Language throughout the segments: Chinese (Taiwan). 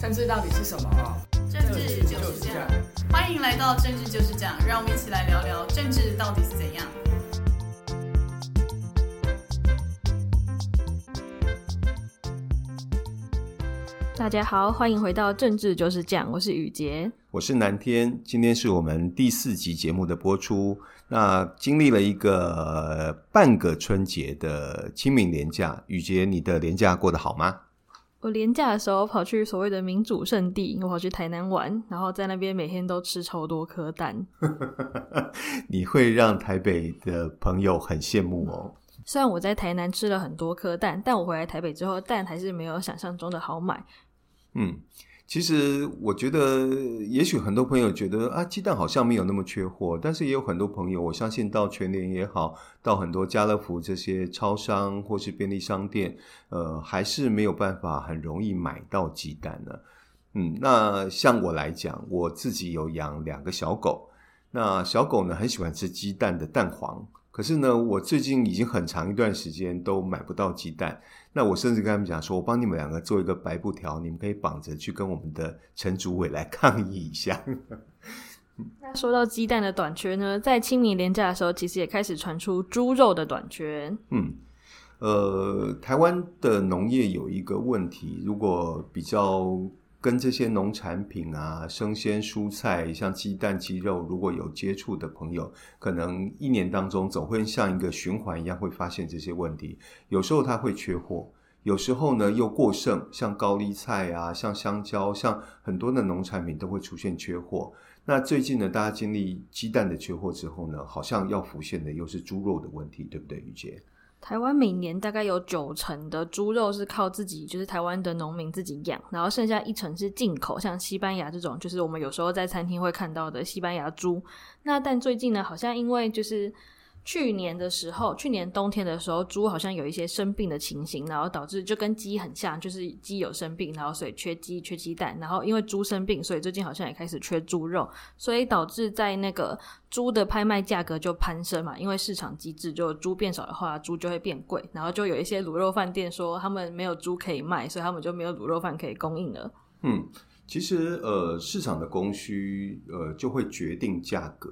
政治到底是什麼、啊？政治就是醬。歡迎來到《政治就是醬》，讓我們一起來聊聊政治到底是怎樣。大家好，歡迎回到《政治就是醬》，我是雨杰，我是南天。今天是我們第四集節目的播出。那經歷了一個、呃、半個春節的清明年假，雨杰，你的年假過得好嗎？我連假的時候跑去所謂的民主聖地，我跑去台南玩，然後在那邊每天都吃超多顆蛋。 你會讓台北的朋友很羨慕哦。雖然我在台南吃了很多顆蛋，但我回來台北之後，蛋還是沒有想象中的好買。嗯。其實我覺得，也許很多朋友覺得啊，雞蛋好像沒有那麼缺貨，但是也有很多朋友，我相信到全聯也好，到很多家樂福這些超商或是便利商店，呃，還是沒有辦法很容易買到雞蛋呢。嗯，那像我來講，我自己有養兩個小狗，那小狗呢很喜歡吃雞蛋的蛋黃，可是呢，我最近已經很長一段時間都買不到雞蛋。那我甚至跟他們講說，我幫你們兩個做一個白布條，你們可以綁着去跟我們的陳主委來抗議一下。 那說到雞蛋的短缺呢，在清明連假的時候，其實也開始傳出豬肉的短缺。嗯，呃，台灣的農業有一個問題，如果比較。跟這些農產品啊、生鮮蔬菜，像雞蛋、雞肉，如果有接觸的朋友，可能一年當中總會像一個循環一樣，會發現這些問題。有時候它會缺貨，有時候呢又過剩，像高麗菜啊、像香蕉、像很多的農產品都會出現缺貨。那最近呢，大家經歷雞蛋的缺貨之後呢，好像要浮現的又是豬肉的問題，對不對，雨杰？台灣每年大概有九成的豬肉是靠自己，就是台灣的農民自己養，然後剩下一成是進口，像西班牙這種，就是我們有時候在餐廳會看到的西班牙豬。那但最近呢，好像因為就是。去年的時候，去年冬天的時候，豬好像有一些生病的情形，然後導致就跟雞很像，就是雞有生病，然後所以缺雞、缺雞蛋，然後因為豬生病，所以最近好像也開始缺豬肉，所以導致在那個豬的拍賣價格就攀升嘛，因為市場機制，就豬變少的話，豬就會變貴，然後就有一些滷肉飯店說他們沒有豬可以賣，所以他們就沒有滷肉飯可以供應了。嗯，其實呃，市場的供需呃，就會決定價格。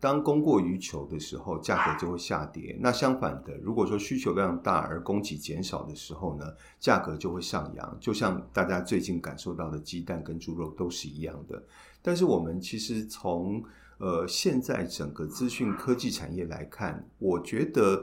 當供過於求的時候，價格就會下跌。那相反的，如果說需求量大而供給減少的時候呢，價格就會上揚。就像大家最近感受到的，雞蛋跟豬肉都是一樣的。但是我們其實從呃現在整個資訊科技產業來看，我覺得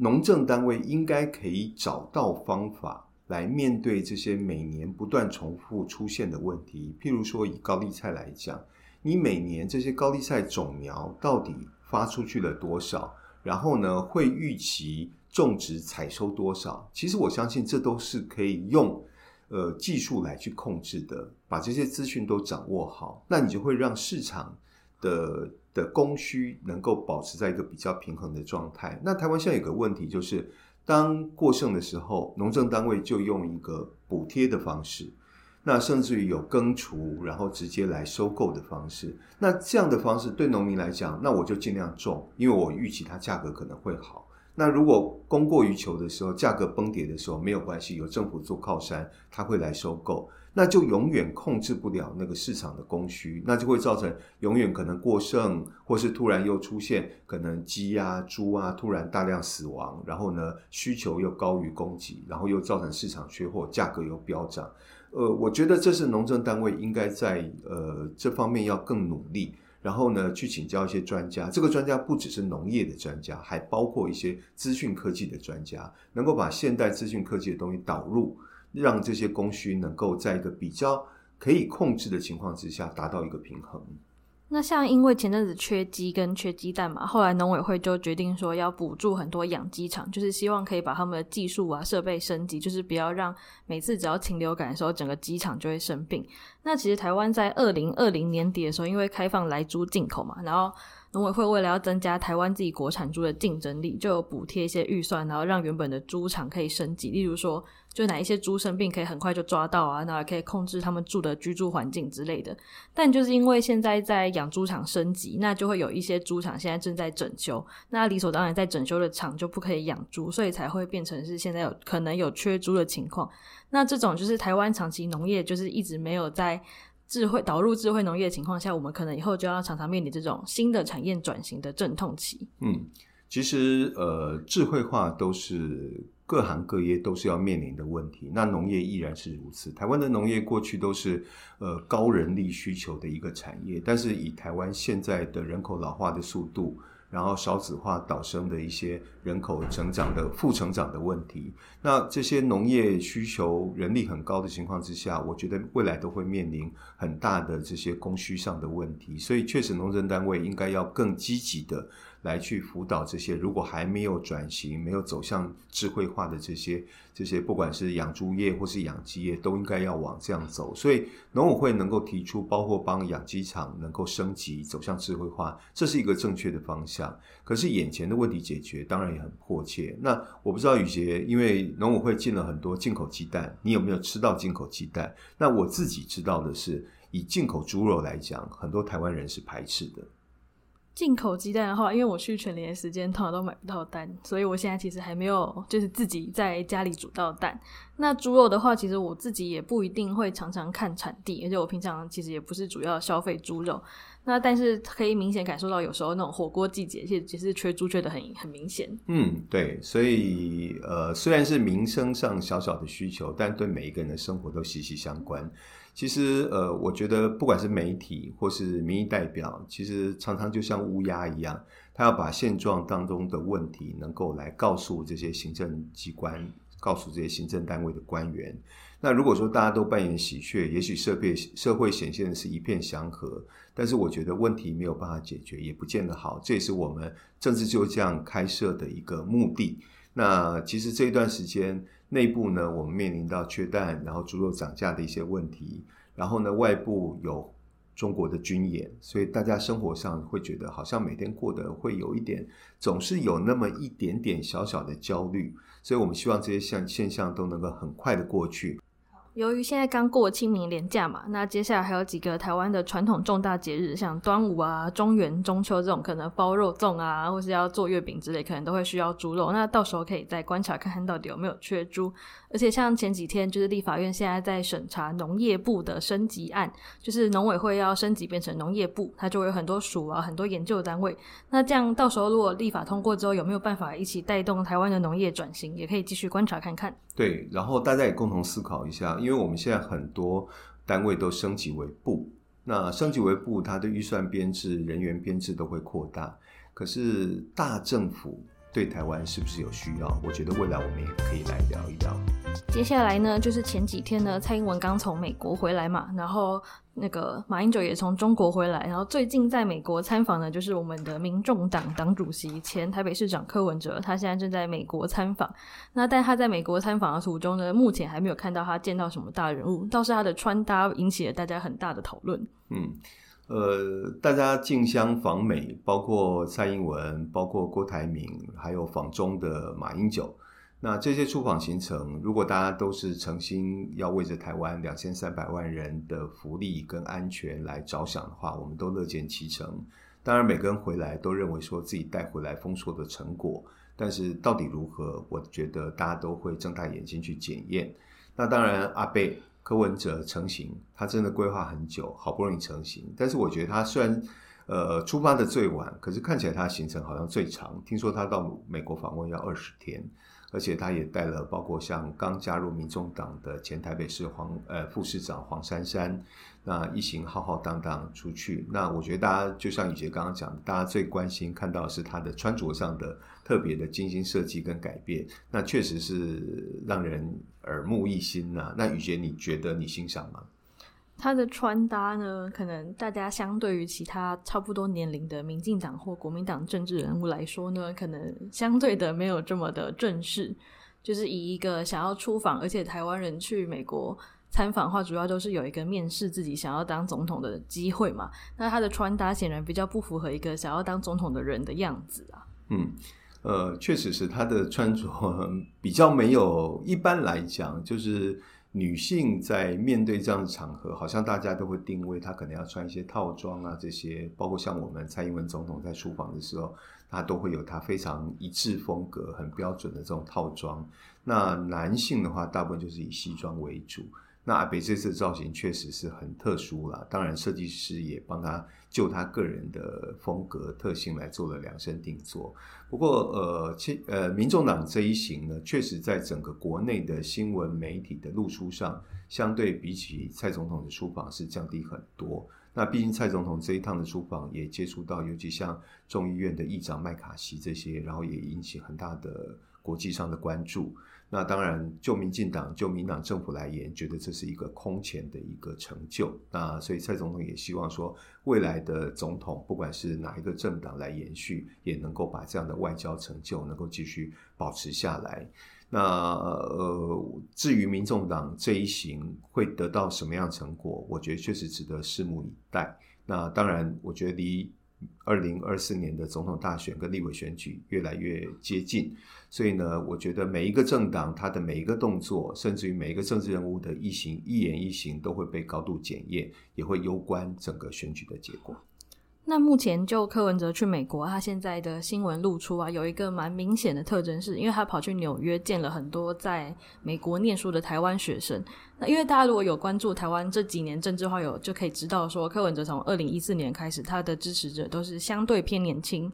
農政單位應該可以找到方法來面對這些每年不斷重複出現的問題。譬如說，以高麗菜來講。你每年這些高麗菜種苗到底發出去了多少？然後呢，會預期種植、採收多少？其實我相信這都是可以用呃技術來去控制的。把這些資訊都掌握好，那你就會讓市場的的供需能夠保持在一個比較平衡的狀態。那台灣現在有個問題就是，當過剩的時候，農政單位就用一個補貼的方式。那甚至於有耕鋤，然後直接來收購的方式。那這樣的方式對農民來講，那我就盡量種，因為我預期它價格可能會好。那如果供過於求的時候，價格崩跌的時候，沒有關係，有政府做靠山，它會來收購，那就永遠控制不了那個市場的供需，那就會造成永遠可能過剩，或是突然又出現可能雞啊、豬啊突然大量死亡，然後呢，需求又高於供給，然後又造成市場缺貨，價格又飆漲。呃，我覺得這是農政單位應該在呃這方面要更努力，然後呢，去請教一些專家。這個專家不只是農業的專家，還包括一些資訊科技的專家，能夠把現代資訊科技的東西導入，讓這些供需能夠在一個比較可以控制的情況之下，達到一個平衡。那像因為前陣子缺雞跟缺雞蛋嘛，後來農委會就決定說要補助很多養雞場，就是希望可以把他們的技術啊設備升級，就是不要讓每次只要禽流感的時候整個雞場就會生病。那其實台灣在二零二零年底的時候，因為開放萊豬進口嘛，然後，農委會為了要增加台灣自己國產豬的競爭力，就有補貼一些預算，然後讓原本的豬場可以升級。例如說，就哪一些豬生病可以很快就抓到啊，那可以控制他們住的居住環境之類的。但就是因為現在在養豬場升級，那就會有一些豬場現在正在整修，那理所當然在整修的場就不可以養豬，所以才會變成是現在有可能有缺豬的情況。那這種就是台灣長期農業就是一直沒有在。智慧導入智慧農業的情況下，我們可能以後就要常常面臨這種新的產業轉型的陣痛期。嗯，其實呃，智慧化都是各行各業都是要面臨的問題，那農業依然是如此。台灣的農業過去都是呃高人力需求的一個產業，但是以台灣現在的人口老化的速度，然後少子化、導生的一些人口成長的負成長的問題，那這些農業需求人力很高的情況之下，我覺得未來都會面臨很大的這些供需上的問題，所以確實，農政單位應該要更積極的。來去輔導這些，如果還沒有轉型、沒有走向智慧化的這些、這些，不管是養豬業或是養雞業，都應該要往這樣走。所以農委會能夠提出，包括幫養雞場能夠升級走向智慧化，這是一個正確的方向。可是眼前的問題解決，當然也很迫切。那我不知道雨杰，因為農委會進了很多進口雞蛋，你有沒有吃到進口雞蛋？那我自己知道的是，以進口豬肉來講，很多台灣人是排斥的。進口雞蛋的話，因為我去全聯時間通常都買不到蛋，所以我現在其實還沒有就是自己在家裡煮到蛋。那豬肉的話，其實我自己也不一定會常常看產地，而且我平常其實也不是主要消費豬肉。那但是可以明顯感受到，有時候那種火鍋季節，其實其實缺豬缺的很很明顯。嗯，對，所以呃，雖然是民生上小小的需求，但對每一個人的生活都息息相關。其實呃，我覺得不管是媒體或是民意代表，其實常常就像烏鴉一樣，他要把現狀當中的問題能夠來告訴這些行政機關，告訴這些行政單位的官員，那如果說大家都扮演喜鵲，也許社會社會顯現的是一片祥和，但是我覺得問題沒有辦法解決，也不見得好。這也是我們政治就是醬開設的一個目的。那其實這一段時間內部呢，我們面臨到缺蛋，然後豬肉漲價的一些問題，然後呢外部有。中國的軍演，所以大家生活上會覺得好像每天過得會有一點，總是有那麼一點點小小的焦慮，所以我們希望這些現現象都能夠很快的過去。由於現在剛過清明連假嘛，那接下來還有幾個台灣的傳統重大節日，像端午啊、中元、中秋這種，可能包肉粽啊，或是要做月餅之類，可能都會需要豬肉。那到時候可以再觀察看看到底有沒有缺豬。而且像前幾天就是立法院現在在審查農業部的升級案，就是農委會要升級變成農業部，它就會有很多署啊、很多研究單位。那這樣到時候如果立法通過之後，有沒有辦法一起帶動台灣的農業轉型，也可以繼續觀察看看。對，然後大家也共同思考一下。因為我們現在很多單位都升級為部，那升級為部，它的預算編製、人員編制都會擴大，可是大政府，對台灣是不是有需要？我覺得未來我們也可以來聊一聊。接下來呢，就是前幾天呢，蔡英文剛從美國回來嘛，然後那個馬英九也從中國回來，然後最近在美國參訪呢，就是我們的民眾黨黨主席、前台北市長柯文哲，他現在正在美國參訪。那但他在美國參訪的途中呢，目前還沒有看到他見到什麼大人物，倒是他的穿搭引起了大家很大的討論。嗯。呃，大家競相訪美，包括蔡英文，包括郭台銘，還有訪中的馬英九。那這些出訪行程，如果大家都是誠心要為着台灣兩千三百萬人的福利跟安全來着想的話，我們都樂見其成。當然，每個人回來都認為說自己帶回來豐碩的成果，但是到底如何，我覺得大家都會睜大眼睛去檢驗。那當然，阿伯。柯文哲成行，他真的規劃很久，好不容易成行。但是我覺得他雖然，呃，出發的最晚，可是看起來他行程好像最長。聽說他到美國訪問要二十天，而且他也帶了包括像剛加入民眾黨的前台北市黃呃副市長黃珊珊，那一行浩浩蕩蕩出去，那我覺得大家就像雨杰剛剛講，大家最關心看到的是他的穿着上的特別的精心設計跟改變，那確實是讓人耳目一新吶。那雨杰，你覺得你欣賞嗎？他的穿搭呢？可能大家相對於其他差不多年齡的民進黨或國民黨政治人物來說呢，可能相對的沒有這麼的正式，就是以一個想要出訪，而且台灣人去美國。參訪的話，主要都是有一個面試自己想要當總統的機會嘛。那他的穿搭顯然比較不符合一個想要當總統的人的樣子啊。嗯，呃，確實是他的穿着比較沒有一般來講，就是女性在面對這樣的場合，好像大家都會定位她可能要穿一些套裝啊這些。包括像我們蔡英文總統在出訪的時候，他都會有他非常一致風格、很標準的這種套裝。那男性的話，大部分就是以西裝為主。那阿北這次的造型確實是很特殊啦，當然設計師也幫他就他個人的風格特性來做了量身定做。不過，呃，其呃，民眾黨這一行呢，確實在整個國內的新聞媒體的露出上，相對比起蔡總統的出訪是降低很多。那畢竟蔡總統這一趟的出訪也接觸到，尤其像眾議院的議長麥卡錫這些，然後也引起很大的國際上的關注。那當然，就民進黨、就民黨政府而言，覺得這是一個空前的一個成就。那所以蔡總統也希望說，未來的總統不管是哪一個政黨來延續，也能夠把這樣的外交成就能夠繼續保持下來。那呃，至於民眾黨這一行會得到什麼樣的成果，我覺得確實值得拭目以待。那當然，我覺得離。二零二四年的總統大選跟立委選舉越來越接近，所以呢，我覺得每一個政黨它的每一個動作，甚至於每一個政治人物的一行一言一行，都會被高度檢驗，也會攸關整個選舉的結果。那目前就柯文哲去美國啊，他現在的新聞露出啊，有一個蠻明顯的特徵，是因為他跑去紐約見了很多在美國唸書的台灣學生。那因為大家如果有關注台灣這幾年政治化有，有就可以知道說，柯文哲從二零一四年開始，他的支持者都是相對偏年輕，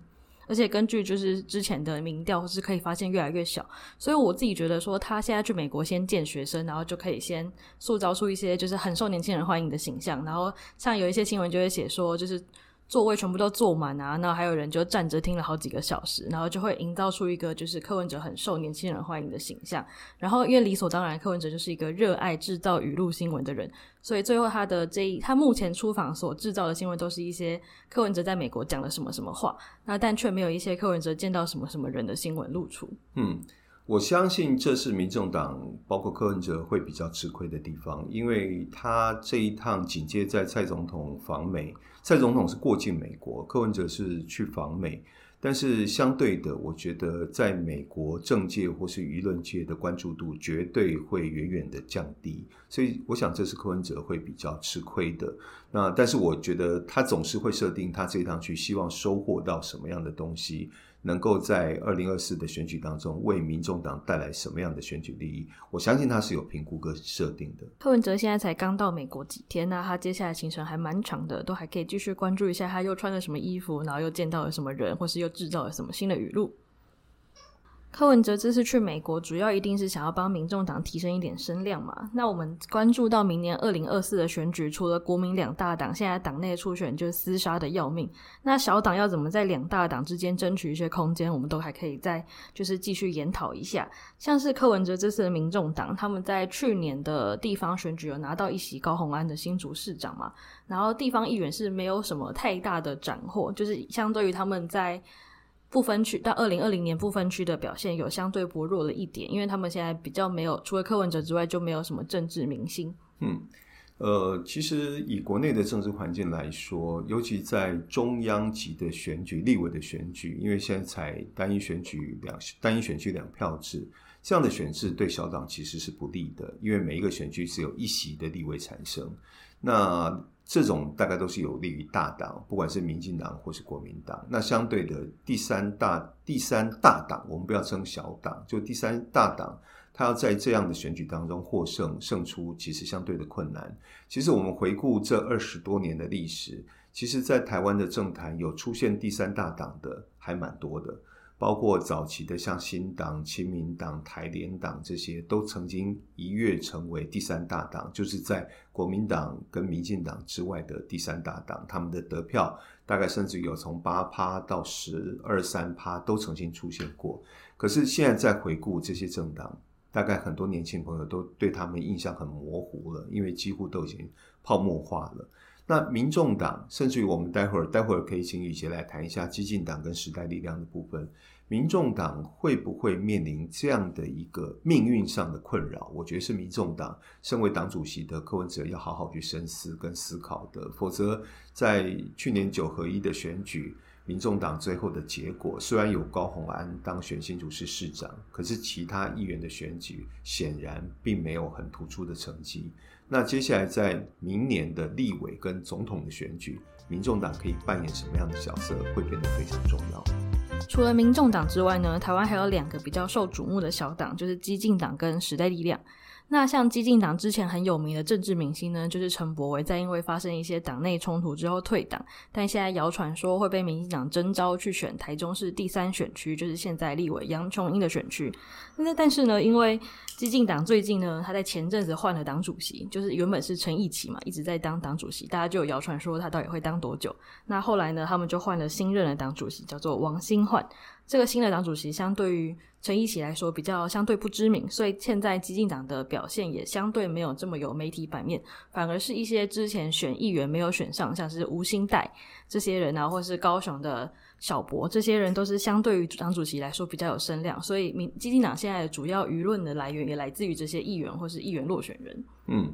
而且根據就是之前的民調，是可以發現越來越小。所以我自己覺得說，他現在去美國先見學生，然後就可以先塑造出一些就是很受年輕人歡迎的形象。然後像有一些新聞就會寫說，就是。座位全部都坐滿啊，那還有人就站着聽了好幾個小時，然後就會營造出一個就是柯文哲很受年輕人歡迎的形象。然後因為理所當然，柯文哲就是一個熱愛制造語錄新聞的人，所以最後他的這一，他目前出訪所制造的新聞都是一些柯文哲在美國講了什麼什麼話，那但卻沒有一些柯文哲見到什麼什麼人的新聞露出。嗯。我相信這是民眾黨包括柯文哲會比較吃虧的地方，因為他這一趟緊接在蔡總統訪美，蔡總統是過境美國，柯文哲是去訪美，但是相對的，我覺得在美國政界或是輿論界的關注度絕對會遠遠的降低，所以我想這是柯文哲會比較吃虧的。那但是我覺得他總是會設定他這一趟去希望收穫到什麼樣的東西。能夠在二零二四的選舉當中為民眾黨帶來什麼樣的選舉利益？我相信他是有評估跟設定的。柯文哲現在才剛到美國幾天呢、啊，他接下來行程還蠻長的，都還可以繼續關注一下他又穿了什麼衣服，然後又見到了什麼人，或是又制造了什麼新的語錄。柯文哲這次去美國，主要一定是想要幫民眾黨提升一點聲量嘛？那我們關注到明年二零二四的選舉，除了國民兩大黨，現在黨內初選就厮殺的要命。那小黨要怎麼在兩大黨之間爭取一些空間，我們都還可以再就是繼續研討一下。像是柯文哲這次的民眾黨，他們在去年的地方選舉有拿到一席高虹安的新竹市長嘛？然後地方議員是沒有什麼太大的斬獲，就是相對於他們在。不分區到二零二零年不分區的表現有相對薄弱的一點，因為他們現在比較沒有，除了柯文哲之外，就沒有什麼政治明星。嗯，呃，其實以國內的政治環境來說，尤其在中央級的選舉、立委的選舉，因為現在才單一選舉兩單一選區兩票制，這樣的選制對小黨其實是不利的，因為每一個選區只有一席的立委產生。那這種大概都是有利於大黨，不管是民進黨或是國民黨。那相對的第三大第三大黨，我們不要稱小黨，就第三大黨，他要在這樣的選舉當中獲勝、勝出其實相對的困難。其實我們回顧這二十多年的歷史，其實在台灣的政壇有出現第三大黨的還蠻多的。包括早期的像新黨、親民黨、台聯黨這些，都曾經一躍成為第三大黨，就是在國民黨跟民進黨之外的第三大黨。他們的得票大概甚至有從八趴到十二三趴都曾經出現過。可是現在再回顧這些政黨，大概很多年輕朋友都對他們印象很模糊了，因為幾乎都已經泡沫化了。那民眾黨，甚至於我們待會兒待會兒可以請宇捷來談一下基進黨跟時代力量的部分。民眾黨會不會面臨這樣的一個命運上的困擾？我覺得是民眾黨身為黨主席的柯文哲要好好去深思跟思考的。否則，在去年九合一的選舉，民眾黨最後的結果雖然有高虹安當選新竹市市長，可是其他議員的選舉顯然並沒有很突出的成績。那接下來在明年的立委跟總統的選舉，民眾黨可以扮演什麼樣的角色，會變得非常重要。除了民眾黨之外呢，台灣還有兩個比較受矚目的小黨，就是基進黨跟時代力量。那像基進黨之前很有名的政治明星呢，就是陳柏惟，在因為發生一些黨內衝突之後退黨，但現在謠傳說會被民進黨徵召去選台中市第三選區，就是現在立委楊瓊英的選區。那但是呢，因為基進黨最近呢，他在前陣子換了黨主席，就是原本是陳義奇嘛，一直在當黨主席，大家就有謠傳說他到底會當多久。那後來呢，他們就換了新任的黨主席，叫做王新煥。這個新的黨主席相對於陳奕齊來說比較相對不知名，所以現在基進黨的表現也相對沒有這麼有媒體版面，反而是一些之前選議員沒有選上，像是吳欣岱這些人啊，或是高雄的小博這些人，都是相對於黨主席來說比較有聲量，所以民基進黨現在的主要輿論的來源也來自於這些議員或是議員落選人。嗯。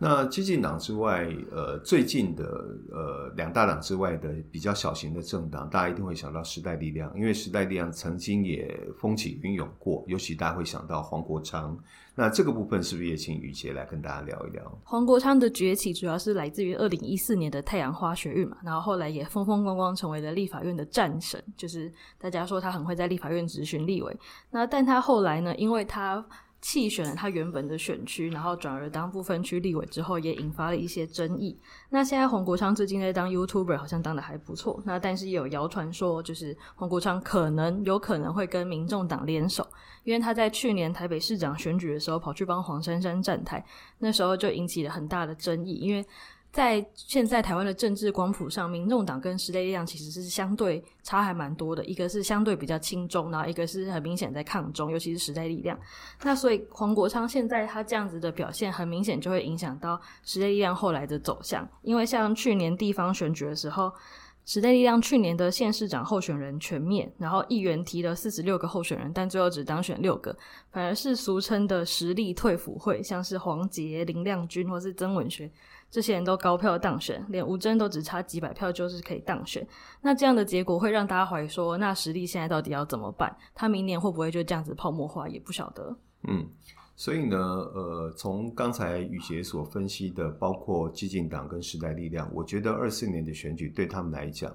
那基進黨之外，呃，最近的呃兩大黨之外的比較小型的政黨，大家一定會想到時代力量，因為時代力量曾經也風起雲湧過，尤其大家會想到黃國昌。那這個部分是不是也請雨潔來跟大家聊一聊？黃國昌的崛起主要是來自於二零一四年的太陽花學運嘛，然後後來也風風光光成為了立法院的戰神，就是大家說他很會在立法院質詢立委。那但他後來呢？因為他棄選了他原本的選區，然後轉而當不分區立委之後，也引發了一些爭議。那現在黃國昌最近在當 YouTuber，好像當得還不錯。那但是也有謠傳說，就是黃國昌可能有可能會跟民眾黨聯手，因為他在去年台北市長選舉的時候跑去幫黃珊珊站台，那時候就引起了很大的爭議，因為。在現在台灣的政治光譜上，民眾黨跟時代力量其實是相對差還蠻多的。一個是相對比較親中，然後一個是很明顯在抗中，尤其是時代力量。那所以黃國昌現在他這樣子的表現，很明顯就會影響到時代力量後來的走向。因為像去年地方選舉的時候，時代力量去年的縣市長候選人全滅，然後議員提了四十六個候選人，但最後只當選六個，反而是俗稱的時力退輔會，像是黃捷、林亮君或是曾玟學。這些人都高票當選，連吳崢都只差幾百票就是可以當選。那這樣的結果會讓大家懷疑說，那時力現在到底要怎麼辦？他明年會不會就這樣子泡沫化？也不曉得。嗯，所以呢，呃，從剛才宇杰所分析的，包括激進黨跟時代力量，我覺得二四年的選舉對他們來講，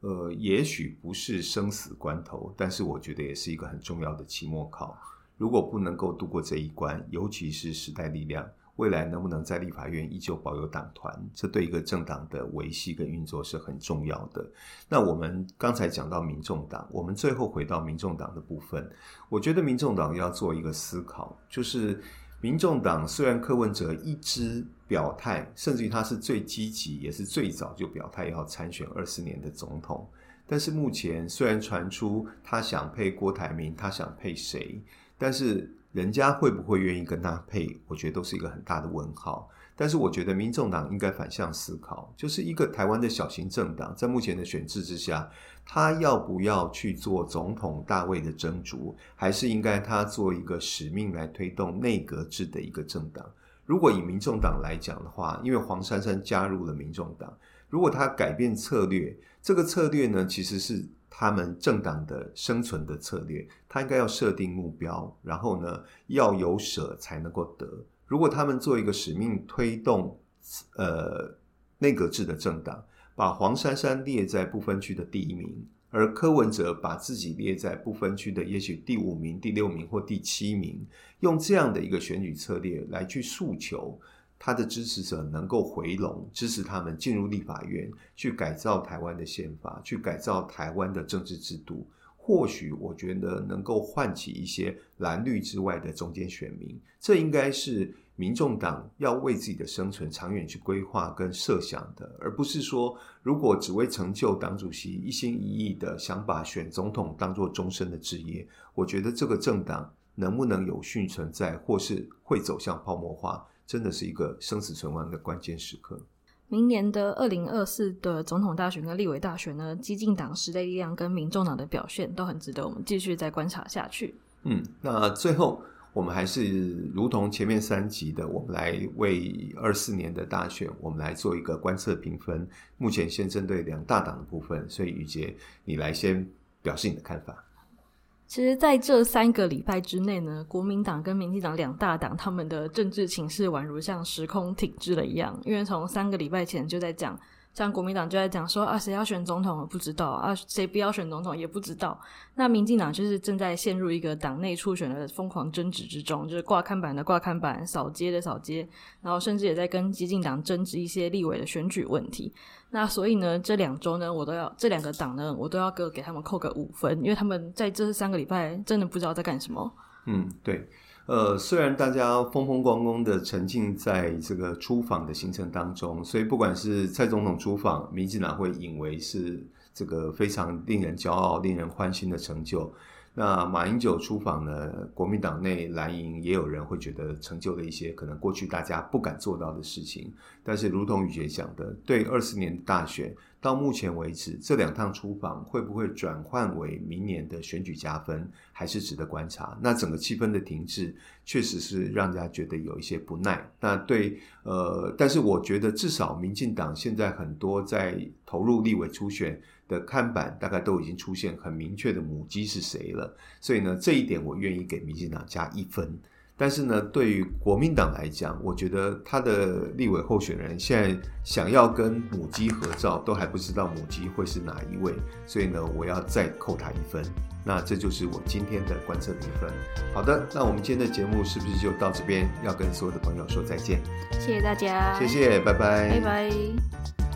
呃，也許不是生死關頭，但是我覺得也是一個很重要的期末考。如果不能夠度過這一關，尤其是時代力量。未來能不能在立法院依舊保有黨團，這對一個政黨的維繫跟運作是很重要的。那我們剛才講到民眾黨，我們最後回到民眾黨的部分，我覺得民眾黨要做一個思考，就是民眾黨雖然柯文哲一直表態，甚至於他是最積極，也是最早就表態要參選二四年的總統，但是目前雖然傳出他想配郭台銘，他想配誰，但是。人家會不會願意跟他配？我覺得都是一個很大的問號。但是我覺得民眾黨應該反向思考，就是一個台灣的小型政黨，在目前的選制之下，他要不要去做總統大位的爭逐，還是應該他做一個使命來推動內閣制的一個政黨？如果以民眾黨來講的話，因為黃珊珊加入了民眾黨，如果他改變策略，這個策略呢，其實是。他們政黨的生存的策略，他應該要設定目標，然後呢要有舍才能夠得。如果他們做一個使命推動，呃，內閣制的政黨把黃珊珊列在不分區的第一名，而柯文哲把自己列在不分區的也許第五名、第六名或第七名，用這樣的一個選舉策略來去訴求。他的支持者能夠回籠，支持他們進入立法院，去改造台灣的憲法，去改造台灣的政治制度。或許我覺得能夠喚起一些藍綠之外的中間選民，這應該是民眾黨要為自己的生存長遠去規劃跟設想的，而不是說如果只為成就黨主席，一心一意的想把選總統當做終身的職業。我覺得這個政黨能不能有幸存在，或是會走向泡沫化？真的是一個生死存亡的關鍵時刻。明年的二零二四的總統大選跟立委大選呢，基進黨、時代力量跟民眾黨的表現都很值得我們繼續再觀察下去。嗯，那最後我們還是如同前面三集的，我們來為二四年的大選，我們來做一個觀測評分。目前先針對兩大黨的部分，所以宇杰，你來先表示你的看法。其實，在這三個禮拜之內呢，國民黨跟民進黨兩大黨，他們的政治情勢宛如像時空停滯了一樣，因為從三個禮拜前就在講。但國民黨就在講說啊，誰要選總統也不知道啊，誰不要選總統也不知道。那民進黨就是正在陷入一個黨內初選的瘋狂爭執之中，就是掛看板的掛看板，掃街的掃街，然後甚至也在跟基進黨爭執一些立委的選舉問題。那所以呢，這兩週呢，我都要這兩個黨呢，我都要各給他們扣個五分，因為他們在這三個禮拜真的不知道在幹什麼。嗯，對。呃，雖然大家風風光光的沉浸在這個出訪的行程當中，所以不管是蔡總統出訪，民進黨會以為是這個非常令人驕傲、令人歡欣的成就；那馬英九出訪呢，國民黨內藍營也有人會覺得成就了一些可能過去大家不敢做到的事情。但是，如同宇杰講的，對二四年大選。到目前為止，這兩趟出訪會不會轉換為明年的選舉加分，還是值得觀察。那整個氣氛的停滯，確實是讓人家覺得有一些不耐。那對呃，但是我覺得至少民進黨現在很多在投入立委初選的看板，大概都已經出現很明確的母雞是誰了。所以呢，這一點我願意給民進黨加一分。但是呢，對於國民黨來講，我覺得他的立委候選人現在想要跟母雞合照，都還不知道母雞會是哪一位，所以呢，我要再扣他一分。那這就是我今天的觀測評分。好的，那我們今天的節目是不是就到這邊？要跟所有的朋友說再見，謝謝大家，謝謝，拜拜，拜拜。